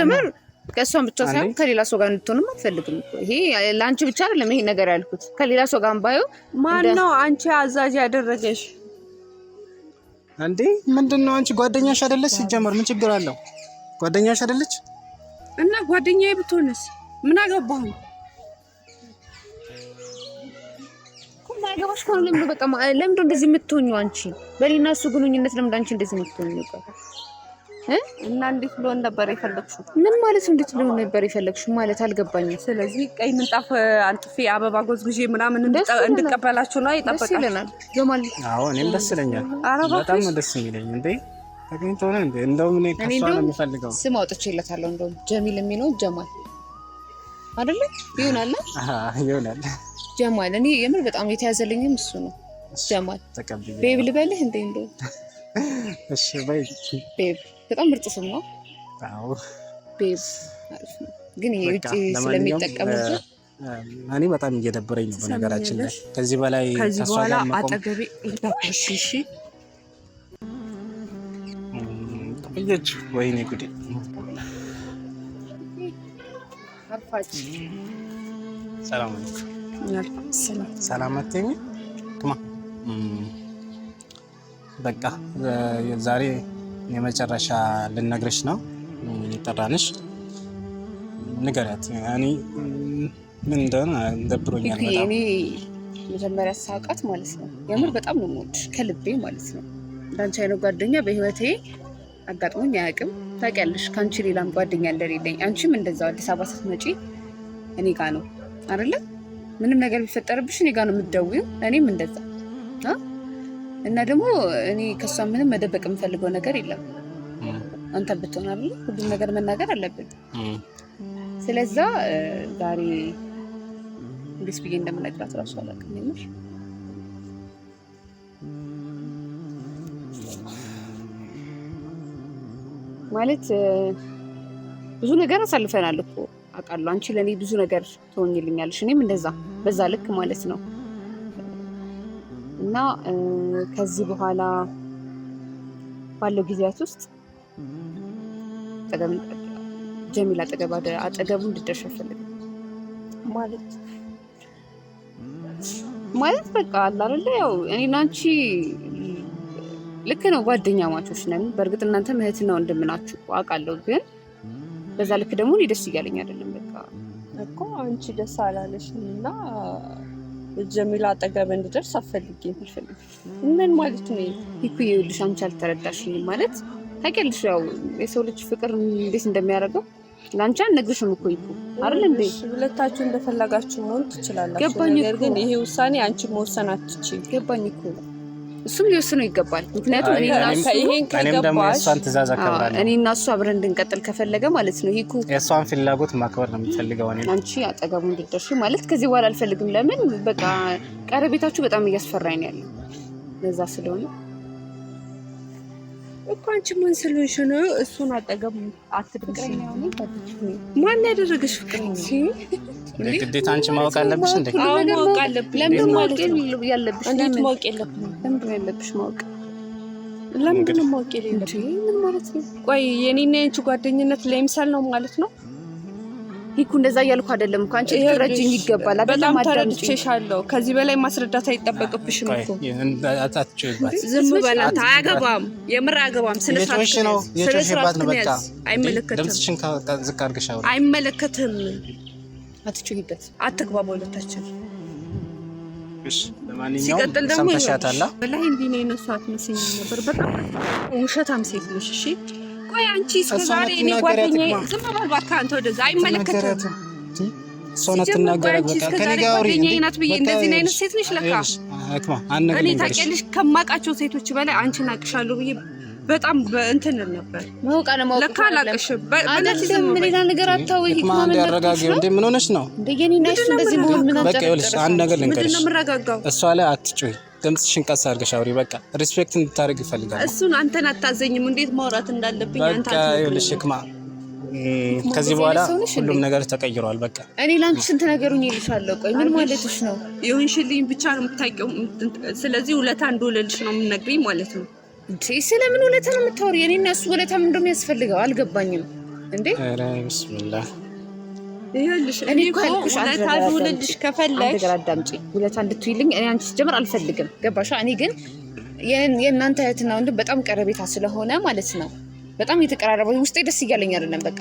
ሲጀመር ከእሷን ብቻ ሳይሆን ከሌላ ሰው ጋር እንድትሆንም አትፈልግም። ይሄ ለአንቺ ብቻ አይደለም ይሄ ነገር ያልኩት። ከሌላ ሰው ጋር ባየው ማን ነው አንቺ አዛዥ ያደረገሽ? እንዴ ምንድን ነው አንቺ ጓደኛሽ አይደለች? ሲጀመር ምን ችግር አለው? ጓደኛሽ አይደለች እና ጓደኛዬ ብትሆንስ ምን አገባሁ? ያገባሽ ከሆነ ለምዶ በቃ ለምዶ እንደዚህ የምትሆኙ አንቺ በሌና እሱ ግንኙነት ለምዶ አንቺ እንደዚህ የምትሆኙ እና እንዴት ሊሆን ነበር የፈለግሽው? ምን ማለት እንዴት ሊሆን ነበር የፈለግሽው ማለት አልገባኝም። ስለዚህ ቀይ ምንጣፍ አንጥፌ አበባ ጎዝጉዤ ምናምን እንድቀበላችሁ ነው ይጠበቃል። ጀማል። አዎ እኔም ደስ ይለኛል፣ በጣም ደስ የሚለኝ እንዴ ተገኝቶ ነው እንዴ። እንደውም እኔ ከሷ ነው የሚፈልገው። ስም አውጥቼለታለሁ። እንደውም ጀሚል የሚለው ጀማል አይደለ? ይሆናል ይሆናል። ጀማል እኔ የምር በጣም የተያዘልኝም እሱ ነው። ጀማል ቤብ ልበልህ እንዴ? እንደውም እሺ በይ ቤብ በጣም ምርጥ ስም ነው። ቤብ ግን ይሄ ውጭ ስለሚጠቀሙበት እኔ በጣም እየደበረኝ ነው። በነገራችን ላይ ከዚህ በላይ ከዚህ በኋላ አጠገቤ እሺ እየች ወይኔ ጉዴ ሰላም ሰላም በቃ ዛሬ የመጨረሻ ልነግርሽ ነው የጠራንሽ። ንገሪያት። እኔ ምን እንደሆነ ደብሮኛል። እኔ መጀመሪያ ሳውቃት ማለት ነው የምር በጣም ነው የምወድሽ ከልቤ ማለት ነው። እንዳንቺ አይነት ጓደኛ በህይወቴ አጋጥሞኝ አያውቅም። ታውቂያለሽ፣ ከአንቺ ሌላም ጓደኛ እንደሌለኝ። አንቺም እንደዛው አዲስ አበባ ስትመጪ እኔ ጋ ነው አይደለ? ምንም ነገር ቢፈጠርብሽ እኔ ጋ ነው የምትደውይው። እኔም እንደዛ እና ደግሞ እኔ ከእሷ ምንም መደበቅ የምፈልገው ነገር የለም። አንተ ብትሆን ሁሉም ነገር መናገር አለብን። ስለዛ ዛሬ እንዴት ብዬ እንደምነግራት እራሱ አላውቅም። የምር ማለት ብዙ ነገር አሳልፈናል እኮ አውቃለሁ። አንቺ ለእኔ ብዙ ነገር ትሆኝልኛለሽ፣ እኔም እንደዛ በዛ ልክ ማለት ነው እና ከዚህ በኋላ ባለው ጊዜያት ውስጥ ጀሚል አጠገብ አጠገቡ እንድደርሽ አልፈልግም ማለት ማለት በቃ አላለ ያው እኔና አንቺ ልክ ነው ጓደኛ ማቾች ነን። በእርግጥ እናንተ ምህት ነው ናችሁ አውቃለሁ፣ ግን በዛ ልክ ደግሞ እኔ ደስ እያለኝ አይደለም። በቃ እኮ አንቺ ደስ አላለሽ እና ጀሚላ አጠገብ እንድደርስ አፈልጌ ምን ማለት ነው? ይኩ ይኸውልሽ፣ አንቺ አልተረዳሽኝም ማለት ታውቂያለሽ፣ ያው የሰው ልጅ ፍቅር እንዴት እንደሚያደርገው ለአንቺ አልነግርሽም እኮ ይኩ አይደል እንዴ? ሁለታችሁ እንደፈለጋችሁ መሆን ትችላላችሁ። ገባኝ። ነገር ግን ይሄ ውሳኔ አንቺ መወሰን አትችይም። ገባኝ እኮ እሱም ሊወስነው ይገባል። ምክንያቱም እኔም ደግሞ የእሷን ትእዛዝ አከብራለሁ። እኔና እሱ አብረን እንድንቀጥል ከፈለገ ማለት ነው። ይሄ እኮ የእሷን ፍላጎት ማክበር ነው የምትፈልገው። አንቺ አጠገቡ እንድትደርሺ ማለት ከዚህ በኋላ አልፈልግም። ለምን በቃ ቀረቤታችሁ በጣም እያስፈራኝ ነው ያለው። ለዛ ስለሆነ እኮ አንቺ ምን ስለሆንሽ ነው እሱን አጠገብ አትድረሽ? ማን ያደረገሽ ፍቅር ግዴታ አንቺ ማወቅ አለብሽ። እንደ ማወቅ አለብሽ። ለምን ማወቅ ያለብሽ? ማወቅ ለምን ያለብሽ ማወቅ ነው ማወቅ ምን ማለት ነው? ቆይ የኔና የአንቺ ጓደኝነት ለምሳሌ ነው ማለት ነው? ይኩ እንደዛ እያልኩ አይደለም እኮ አንቺ ልትረጅኝ ይገባል አይደለም? በጣም ተረድቼሻለሁ። ከዚህ በላይ ማስረዳት አይጠበቅብሽም እኮ። ዝም በል አያገባም፣ የምር አያገባም። ስለ ነው። ስለ ነው። በቃ አይመለከትም። ድምፅሽን ዝቅ አድርገሽ አይመለከትም አትችይበት፣ አትግባባ ሁለታችን። ሲቀጥል ደግሞ በላይ እንዲህ ነው የነሱ አትመስኝም ነበር። በጣም ውሸታም ሴት ነሽ። እሺ ቆይ አንቺ እስከዛሬ እኔ ጓደኛዬ ዝም በል እባክህ አንተ፣ ወደዛ አይመለከትም። ጓደኛዬ ናት ብዬ እንደዚህ አይነት ሴት ነሽ ለካ። እኔ ታውቂያለሽ ከማውቃቸው ሴቶች በላይ አንቺን አቅሻለሁ ብዬ በጣም እንትን ነበር መውቃ ነው ለካ አላቅሽም። አይደለም ሌላ ነገር አታውይ። ማን ያረጋጋው እንዴ? ምን ሆነሽ ነው? እንደየኔ ናሽ እንደዚህ መሆን ምን አጫጭ። በቃ ይኸውልሽ አንድ ነገር ልንገርሽ፣ እሷ ላይ አትጮይ። ድምፅሽን ቀስ አድርገሽ አውሪ። በቃ ሪስፔክት እንድታደርግ ይፈልጋል። እሱን አንተን አታዘኝም። እንዴት ማውራት እንዳለብኝ አንተ አትልም። በቃ ይኸውልሽ ህክማ ከዚህ በኋላ ሁሉም ነገር ተቀይሯል። በቃ እኔ ለአንቺ ስንት ነገሩን ይልሻለሁ። ቆይ ምን ማለትሽ ነው? ይሁንሽልኝ ብቻ ነው የምታውቂው። ስለዚህ ውለታ እንደወለልሽ ነው የምነግሪኝ ማለት ነው። እንዴ ስለምን ውለታ ነው የምታወሪ? የኔ እና እሱ ውለታ ምን እንደሚያስፈልገው አልገባኝም። እንዴ ኧረ ብስሚላ ይኸውልሽ እኔ እኮ ውለታ ልውልልሽ ከፈለግሽ አዳምጪ። ውለታ እንድትይልኝ እኔ አንቺ ስትጀምር አልፈልግም። ገባሽ? እኔ ግን የእናንተ እህትና ወንድም በጣም ቀረቤታ ስለሆነ ማለት ነው በጣም የተቀራረበ ውስጤ ደስ እያለኝ አይደለም በቃ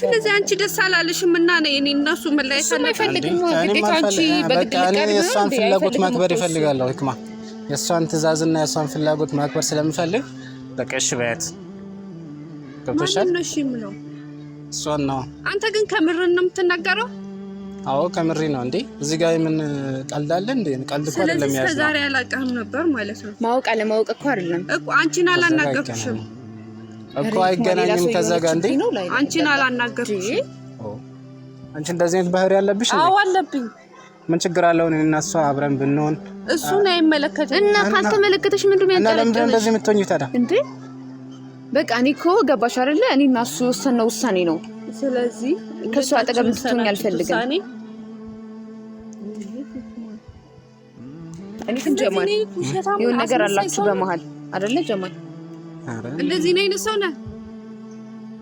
ስለዚህ አንቺ ደስ አላለሽም እና ነው እኔ እነሱ ምን ላይ ሰማ ይፈልግም ግዴታ አንቺ በግድ ልቀር ነው እሷን ፍላጎት ማክበር ይፈልጋለሁ ህክማ የእሷን ትእዛዝና የእሷን ፍላጎት ማክበር ስለምፈልግ በቃ እሺ በያት። ገብቶሻል? እሷን ነው። አንተ ግን ከምር ነው የምትናገረው? አዎ ከምሪ ነው እንዴ። እዚህ ጋር የምን ቀልድ አለ እንዴ? ቀልድ እኮ አይደለም። ያዝ ስለዚህ ዛሬ አላውቅህም ነበር ማለት ነው። ማወቅ አለማወቅ እኮ አይደለም እኮ። አንቺን አላናገርኩሽም እኮ አይገናኝም ከዛ ጋር እንዴ። አንቺን አላናገርኩሽም። አንቺ እንደዚህ አይነት ባህሪ ያለብሽ? አዎ አለብኝ ምን ችግር አለው? እኔና እሷ አብረን ብንሆን እሱን አይመለከተሽ እና ካልተመለከተሽ ምንድን ነው ያንጨረጨረሽ? እንደዚህ የምትሆኚው ታዲያ? እንዴ በቃ እኔ እኮ ገባሽ አይደለ? እኔ እሱ የወሰንነው ውሳኔ ነው። ስለዚህ ከእሱ አጠገብ እንድትሆኝ አልፈልግም። እኔ ግን ጀማል የሆነ ነገር አላችሁ በመሀል አይደለ? ጀማል እንደዚህ ነው ይነሳውና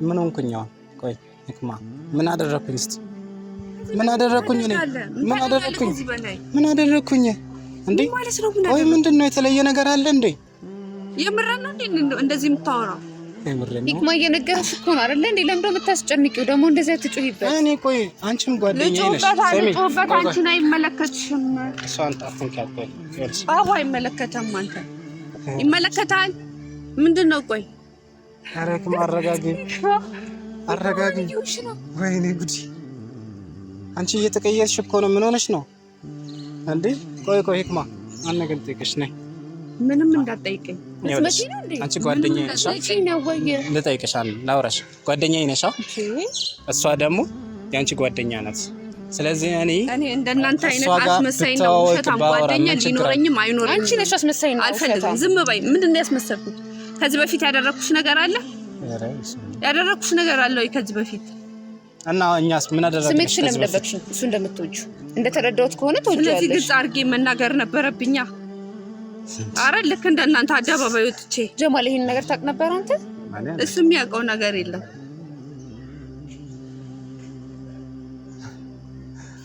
ምን ሆንኩኝ? አሁን ቆይ ንክማ ምን አደረኩኝ እስኪ ምን አደረኩኝ? እኔ ምን አደረኩኝ? ምን አደረኩኝ እንዴ? ወይ ምንድን ነው የተለየ ነገር አለ እንዴ? የምረን ነው እንዴ እንደዚህ የምታወራው? ይክማ እየነገረሽ እኮ ነው አይደለ እንዴ? ለምን የምታስጨንቂው ደግሞ እንደዚህ ትጩሂበት? እኔ ቆይ አንቺም ጓደኛዬ ነሽ። ልጩህበት፣ አንቺን አይመለከትሽም። እሷን ጣፍን ካቆይ አይመለከተም። አንተ ይመለከታል። ምንድን ነው ቆይ? ኧረ ይክማ አረጋጊ፣ አረጋጊ። ወይኔ ጉዲ አንቺ እየተቀየርሽ እኮ ነው። ምን ሆነሽ ነው እንዴ? ቆይ ቆይ፣ ህክማ አንድ ነገር ልጠይቅሽ ነኝ። ምንም እንዳትጠይቀኝ። አንቺ ጓደኛዬ ነሽ። ልጠይቅሽ፣ ላውራሽ። ጓደኛዬ ነሽ። እሷ ደግሞ የአንቺ ጓደኛ ናት። ስለዚህ እኔ እኔ እንደናንተ አይነት አስመሳይ ነው ውሸታም ጓደኛ ሊኖረኝም አይኖረኝም። አንቺ ነሽ አስመሳይ ነው። አልፈልግም። ዝም በይ። ምንድን ነው ያስመሰልኩት? ከዚህ በፊት ያደረኩሽ ነገር አለ? ያደረኩሽ ነገር አለ ወይ ከዚህ በፊት እና እኛስ ምን አደረግን? ስሜትሽ ለምደበቅሽ እሱ እንደምትወጁ እንደተረዳሁት ከሆነ ተወጃለሽ። ስለዚህ ግልጽ አድርጌ መናገር ነበረብኛ። አረ ልክ እንደናንተ አደባባይ ወጥቼ ጀማል፣ ይሄን ነገር ታውቅ ነበር አንተ? እሱ የሚያውቀው ነገር የለም።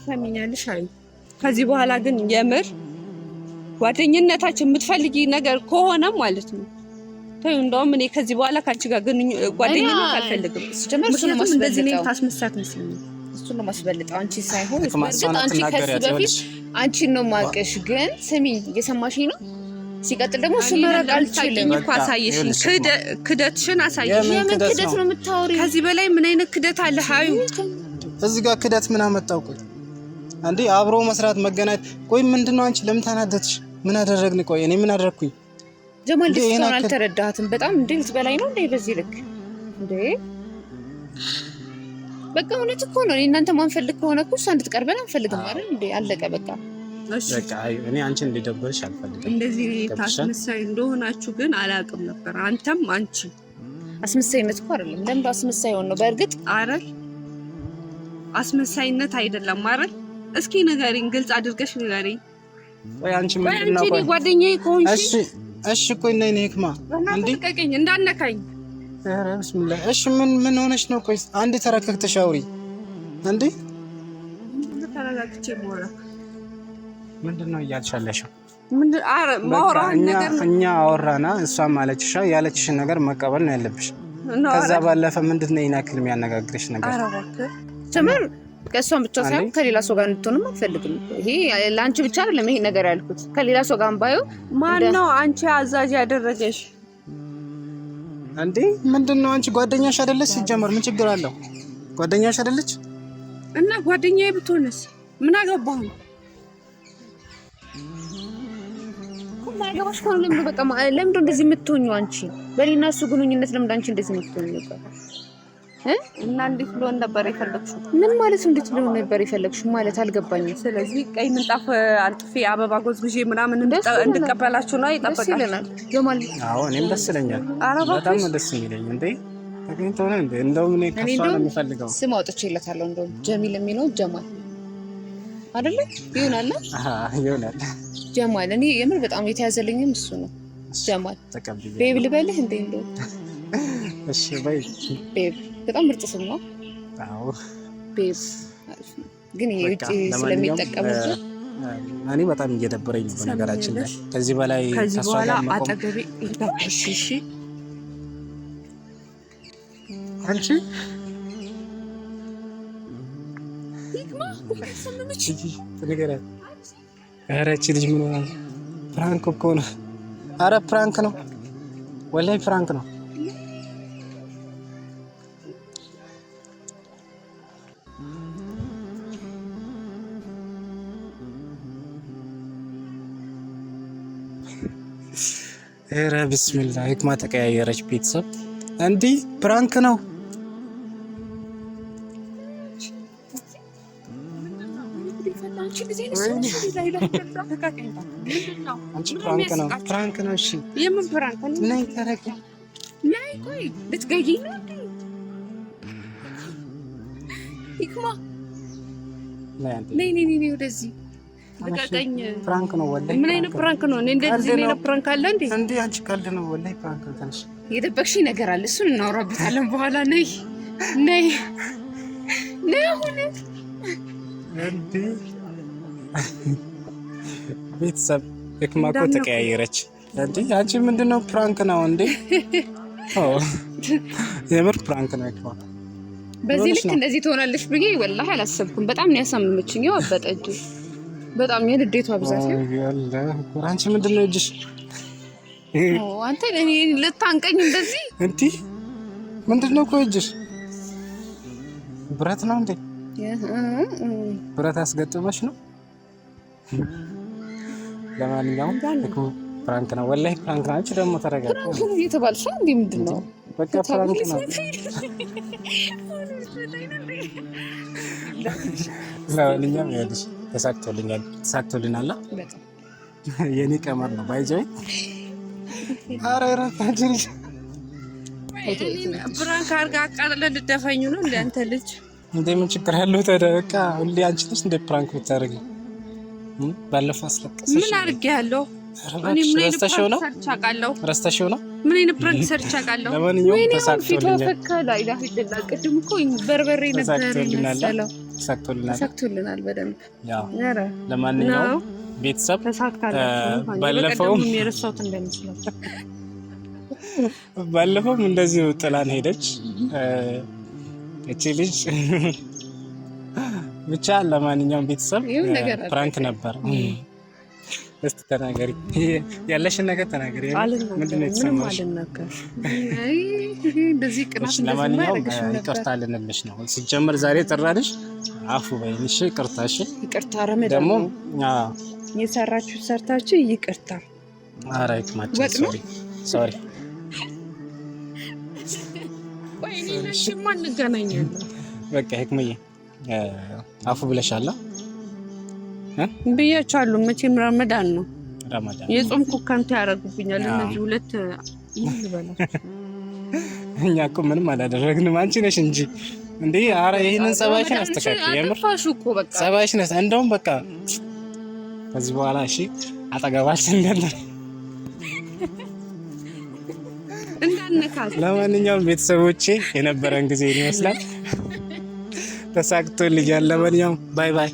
ሰሚኛልሽ። አይ ከዚህ በኋላ ግን የምር ጓደኝነታችን የምትፈልጊ ነገር ከሆነ ማለት ነው ተዩ። እንደውም እኔ ከዚህ በኋላ ከአንቺ ጋር ግን ጓደኛ አልፈልግም። ምክንያቱም እንደዚህ እኔ ታስመሳት መስለኝ እሱን ነው ማስበልጠው፣ አንቺ ሳይሆን እርግጥ አንቺ ከዚህ በፊት አንቺን ነው ማቀሽ። ግን ስሚ፣ እየሰማሽኝ ነው? ሲቀጥል ደግሞ እሱ መረቅ አልችልም እኮ አሳየሽኝ፣ ክደትሽን አሳየሽኝ። የምን ክደት ነው የምታወሪው? ከዚህ በላይ ምን አይነት ክደት አለ? ሀዩ እዚህ ጋር ክደት ምን አመጣው? ቆይ አንዴ አብሮ መስራት መገናኘት። ቆይ ምንድነው አንቺ ለምን ተናደድሽ? ምን አደረግን? ቆይ እኔ ምን አደረግኩኝ? ጀማል ደስታውን አልተረዳትም። በጣም እንደ በላይ ነው እንዴ በዚህ ልክ እንዴ? በቃ እውነት እኮ ነው። እናንተ ማንፈልግ ከሆነ እኮ እሷ እንድትቀርበን አንፈልግም አይደል? እንዴ? አለቀ በቃ እኔ አንቺ እንዲደበርሽ አልፈልግም። እንደዚህ ታስመሳይ እንደሆናችሁ ግን አላውቅም ነበር። አንተም አንቺ አስመሳይነት እኮ አይደለም። ለምን አስመሳይ ሆን ነው? በእርግጥ አረል አስመሳይነት አይደለም አረል። እስኪ ንገሪኝ፣ ግልጽ አድርገሽ ንገሪኝ። ወይ አንቺ ምንድን ነው ጓደኛዬ ከሆንሽ እሺ ቆይ ነኝ ህክማ እንዴ ተቀቀኝ እንዳነካኝ። ኧረ ብስሚላ። እሺ ምን ምን ሆነሽ ነው? ቆይ አንዴ ተረጋግተሽ አውሪ እንዴ። ተረጋግቼ ሞራ ምንድን ነው እያልሻለሽው? እኛ አወራና እሷ ማለችሻ ያለችሽን ነገር መቀበል ነው ያለብሽ። ከዛ ባለፈ ምንድን ነው ይናክል የሚያነጋግርሽ ነገር ከእሷን ብቻ ሳይሆን ከሌላ ሰው ጋር እንድትሆንም አትፈልግም። ይሄ ለአንቺ ብቻ አይደለም ይሄ ነገር ያልኩት ከሌላ ሰው ጋር ባየው። ማን ነው አንቺ አዛዥ ያደረገሽ? እንዴ ምንድን ነው አንቺ ጓደኛሽ አይደለች? ሲጀመር ምን ችግር አለው? ጓደኛሽ አይደለች እና ጓደኛዬ ብትሆንስ ምን አገባሁ? ማገባሽ ከሆነ በቃ እንደዚህ የምትሆኙ አንቺ በሌና እሱ ግንኙነት ለምንድን አንቺ እንደዚህ የምትሆኙ ነበር እና እንዴት ብሎ ነበር የፈለግሽው? ምን ማለት እንዴት ብሎ ነበር የፈለግሽው ማለት አልገባኝም። ስለዚህ ቀይ ምንጣፍ አንጥፌ አበባ ጎዝጉዤ ምናምን እንድቀበላችሁ ነው ይጠበቃል። ጀማል አዎ፣ እኔም ደስ ይለኛል። በጣም ደስ የሚለኝ እንዴ ተገኝቶ ነው እንዴ? እንደውም እኔ ከሷ ነው የሚፈልገው። ስም አውጥቼለታለሁ። እንደውም ጀሚል የሚለው ጀማል አይደለ? ይሆናል፣ ይሆናል። ጀማል እኔ የምር በጣም የተያዘልኝም እሱ ነው። ጀማል ቤቢ ልበልህ እንዴ? እንደውም እሺ ቤብ በጣም ምርጥ ስም ነው። አዎ ቤብ ግን ይሄ እኔ በጣም እየደበረኝ ነው ነገራችን ላይ ከዚህ በላይ አጠገቤ እሺ እሺ አንቺ ልጅ ምን ፕራንክ እኮ ነው። ኧረ ፕራንክ ነው፣ ፕራንክ ነው። ኧረ ብስሚላ ህክማ ተቀያየረች። ቤተሰብ እንዲህ ፕራንክ ነው። ፕራንክ ነው። ልቀቀኝ። ፕራንክ ነው ወላሂ። ምን አይነት ፕራንክ ነው? እኔ እንደዚህ ምን አይነት ፕራንክ አለ እንዴ? እንዴ አንቺ ቀልድ ነው ወላሂ። ፕራንክ ነው። ትንሽ የደበቅሽኝ ነገር አለ። እሱን እናወራበታለን በኋላ። ነይ ነይ ነይ። አሁን እንዴ ቤተሰብ ህክማ እኮ ተቀያየረች እንዴ። አንቺ ምንድነው? ፕራንክ ነው እንዴ? ኦ የምር ፕራንክ ነው ህክማ በዚህ ልክ እንደዚህ ትሆናለች ብዬ ወላሂ አላሰብኩም። በጣም ነው ያሳመመችኝ። ያው አበጠጁ በጣም የልዴቷ ብዛት አንቺ ምንድን ነው እጅሽ? አንተ ልታንቀኝ እንደዚህ እንቲ ምንድን ነው እኮ እጅሽ? ብረት ነው እንዴ? ብረት አስገጥመሽ ነው? ለማንኛውም ፕራንክ ነው፣ ወላሂ ፕራንክ ነው። አንቺ ደግሞ ተረጋጊ። ነው እየተባልሽ እንዴ? ምንድን ነው በቃ ፕራንክ ነው። ለማንኛውም ይኸውልሽ ተሳክቶልኛል ተሳክቶልናል። የኔ ቀመር ነው ባይጆይ አረ ራታችን ብራንክ አርጋ አቃጥለ ልደፈኙ ነው እንደ አንተ ልጅ እንዴ ምን ችግር ያለው ታዲያ? በቃ ሁሌ አንቺ ነሽ እንደ ፕራንክ ብታደርጊ ባለፈው አስለቀሰሽ። ምን አድርጌ ያለው ረስተሽው ነው? ምን አይነት ፕራንክ ሰርች አውቃለሁ? ለማንኛውም ቅድም እኮ በርበሬ ተሳክቶልናል ለማንኛውም ቤተሰብ ባለፈውም እንደዚሁ ጥላን ሄደች እቺ ልጅ ብቻ። ለማንኛውም ቤተሰብ ፕራንክ ነበር። እስቲ ተናገሪ፣ ያለሽን ነገር ተናገሪ። ምንድን ነው የተሰማሽ? እንደዚህ ለማንኛውም ይቅርታ ልንልሽ ነው። ሲጀመር ዛሬ ጠራንሽ፣ አፉ በይንሽ፣ ቅርታሽ። ይቅርታ ረመዳን ደግሞ የሰራችሁ ሰርታችሁ ይቅርታ። ኧረ ይቅማችን። ሶሪ ሶሪ። ወይኔ ነሽ ማን እንገናኛለን። በቃ ህክምዬ አፉ ብለሻላ ብያቸዋለሁ። መቼም ረመዳን ነው የጾም ኩከንት ያደርጉብኛል እነዚህ ሁለት እኛ እኮ ምንም አላደረግንም። አንቺ ነሽ እንጂ እንዴ! ጸባይሽን አስተካክል። የምር እንደውም በቃ ከዚህ በኋላ እሺ፣ አጠገባችን ለማንኛውም ቤተሰቦቼ የነበረን ጊዜ ይመስላል ተሳክቶልኛል። ለማንኛውም ባይ ባይ።